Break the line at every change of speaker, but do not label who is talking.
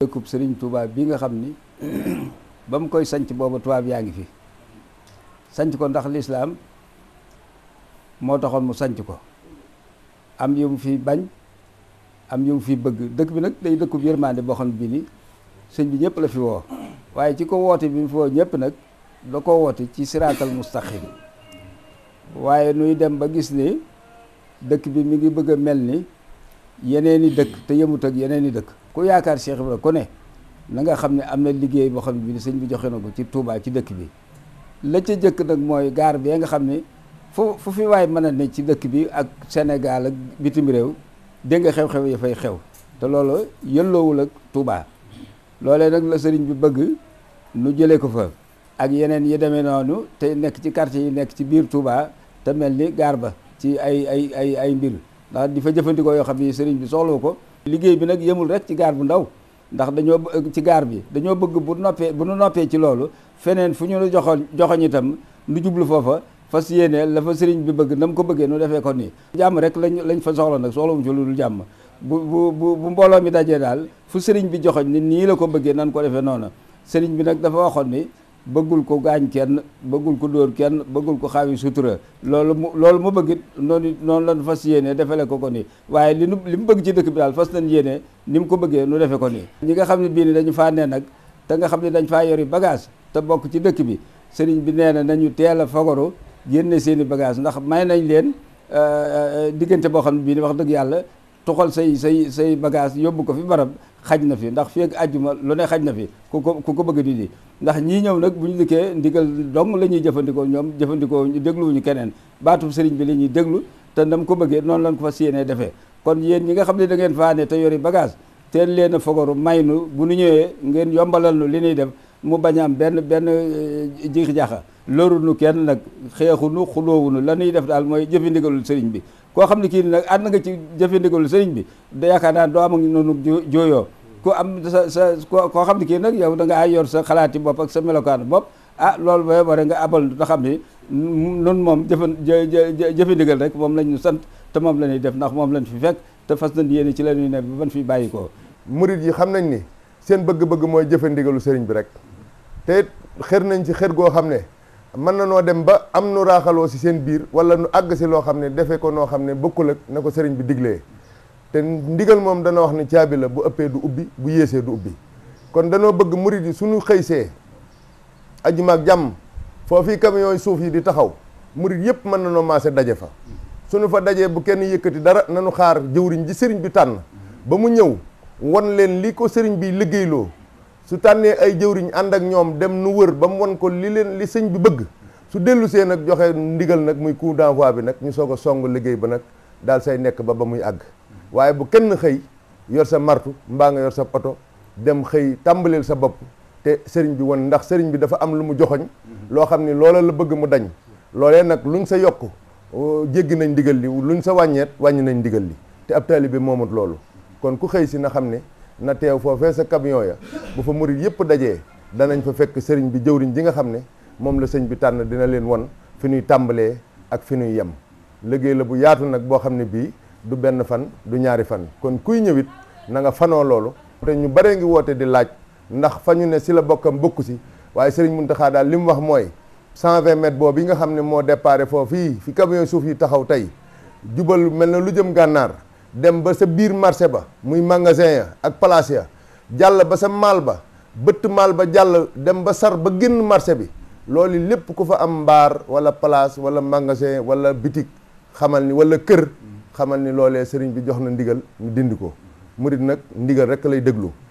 dëkkub sëriñ Touba bi nga xam ni ba mu koy sanc booba tubaab yaa ngi fi sanc ko ndax lislaam moo taxoon mu sanc ko am yu mu fi bañ am yu mu fi bëgg dëkk bi nag day dëkkub yërmande boo xam bi ni sëñ bi ñëpp la fi woo waaye ci ko woote bi mu fi woo ñëpp nag da ko woote ci siraatal mustaqim waaye nuy dem ba gis ni dëkk bi mu ngi bëgg a mel ni yeneen i dëkk te yëmut ak yeneen i dëkk ku yaakaar Cheikh Ibra ku ne na nga xam ne am na liggéey boo xam ne bi ni sëñ bi joxe na ko ci Touba ci dëkk bi la ca jëkk nag mooy gaar bee nga xam ne fu fu fi waay mën a ne ci dëkk bi ak Sénégal ak bitim réew dégg nga xew-xew ya fay xew te loolu yëlloowul ak tuubaa loole nag la sëriñ bi bëgg nu jëlee ko fa ak yeneen yi demee noonu te nekk ci quartier yi nekk ci biir Touba te mel ni gaar ba ci ay ay ay ay mbir daal di fa jëfandikoo yoo xam ni sëriñ bi soxla ko liggéey bi nag yemul rek ci gaar bu ndaw ndax dañoo euh, ci gaar bi dañoo bëgg bu noppee bu nu noppee ci loolu feneen fu ñu la joxoon joxoñ itam nu jublu foofa fas yéene la fa sëriñ bi bëgg na mu ko bëggee nu defee ko nii jàmm rek lañ lañ fa soxla nag soxla wuñ ci lu dul jàmm bu bu bu mbooloo mi dajee daal fu sëriñ bi joxoñ ni nii la ko bëggee nan ko defee noonu sëriñ bi nag dafa waxoon ni bëggul ko gaañ kenn bëggul ko dóor kenn bëggul ko xaawi sutura loolu mu loolu mu bëggit noonu noonu lan fas yéene defale ko ko nii waaye li nu li mu bëgg ci dëkk bi daal fas nañ yéene ni mu ko bëggee nu defe ko nii ñi nga xam ne bii ni dañu faa ne nag te nga xam ne dañ faa yori bagage te bokk ci dëkk bi sëriñ bi nee na nañu teel a fagaru génne seen i bagage ndax may nañ leen euh, euh, diggante boo xam ne bii ni wax dëgg yàlla tuxal say say say bagage yóbbu ko fi barab xaj na fi ndax fii ajjuma àjjuma lu ne xaj na fi ku ko ku ko bëgg di di ndax ñii ñëw nag bu ñu dikkee ndigal dong la ñuy jëfandikoo ñoom jëfandikoo ñu dégluwuñu keneen baatub sëriñ bi la ñuy déglu te ndam ko bëggee noonu lañ ko fa séenee defee kon yéen ñi nga xam ne da ngeen faane te yori bagage teel leen a fogoru may nu bu nu ñëwee ngeen yombalal nu li ñuy def mu bañ am benn benn eh, jiix jaaxa lorunu kenn nag xeexunu xulóowunu la ñuy def daal mooy jëfi ndigalul sëriñ bi koo xam ne kii nag at ànd nga ci jëfandikoo sëriñ bi da yaakaar naa doo am ak noonu jooyoo ko am sa sa koo xam ne kii nag yow danga nga yor sa xalaati bopp ak sa melokaanu bopp ah loolu booy war nga abal nga xam ni nun moom jëfan jëfe ndigal rek moom lañ ñu sant te moom la ñuy def ndax moom lañ fi fekk te fas nañ yéene ci la ñuy ne ban fi bàyyi ko murit yi xam nañ ni
seen bëgg-bëgg mooy jëfe ndigalu sëriñ bi rek te xër nañ ci xër goo xam ne mën na noo dem ba am nu raaxaloo si seen biir wala nu àgg si loo xam ne defe ko noo xam ne bokkul ak na ko sëriñ bi diglee te ndigal moom dana wax ne caabi la bu ëppee du ubbi bu yéesee du ubbi kon danoo bëgg murid yi suñu xëysee ajuma ak jàmm foofii camion yooyu suuf yi di taxaw murid yëpp mën na noo maase daje fa suñu fa dajee bu kenn yëkkati dara nanu xaar jëwriñ ji sëriñ bi tànn ba mu ñëw won leen li ko sëriñ bi liggéeyloo su tànnee ay jëwriñ ànd ak ñoom dem nu wër ba mu won ko li leen li sëñ bi bëgg su dellu see nag joxe ndigal nag muy coup d'envoi bi nag ñu soog a song liggéey ba nag daal say nekk ba ba muy àgg waaye bu kenn xëy yor sa martu mbaa nga yor sa oto dem xëy tàmbaleel sa bopp te sëriñ bi won ndax sëriñ bi dafa am lu mu joxoñ loo xam ni loola la bëgg mu dañ loolee nag luñ sa yokk jéggi nañ ndigal li luñ sa wàññeet wàññi nañ ndigal li te ab taalibe moomut loolu kon ku xëy si na xam ne na teew foofee sa camion ya bu fa murit yëpp dajee danañ fa fekk sëriñ bi jëwriñ ji nga xam ne moom la sëñ bi tànn dina leen won fi ñuy tàmbalee ak fi nuy yem liggéey la bu yaatu nag boo xam ne bii du benn fan du ñaari fan kon kuy ñëwit na nga fanoo loolu te ñu bare ngi woote di laaj ndax fa ñu ne si la bokkam bokku si waaye sëriñ Muntaxa daal li mu wax mooy 120 mètres boobu yi nga xam ne moo déparé foofu fii fi camion suuf yi taxaw tey jubal mel na lu jëm gànnaar dem ba sa biir marché ba muy magasin ya ak place ya jàll ba sa maal ba bëtt maal ba jàll dem ba sar ba génn marché bi loolu lépp ku fa am mbaar wala place wala magasin wala bitig xamal ni wala kër xamal ni loolee sëriñ bi jox na ndigal ñu dindi ko murit nag ndigal rek lay déglu